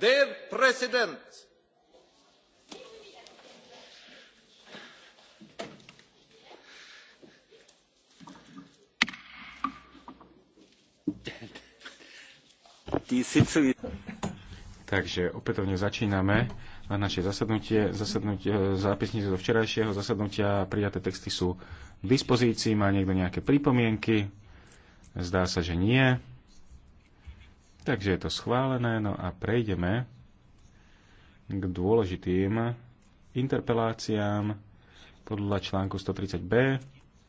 Dear President, Takže opätovne začíname na naše zasadnutie. zasadnutie e, zápisnice zo včerajšieho zasadnutia prijaté texty sú k dispozícii. Má niekto nejaké pripomienky? Zdá sa, že nie. Takže je to schválené, no a prejdeme k dôležitým interpeláciám podľa článku 130b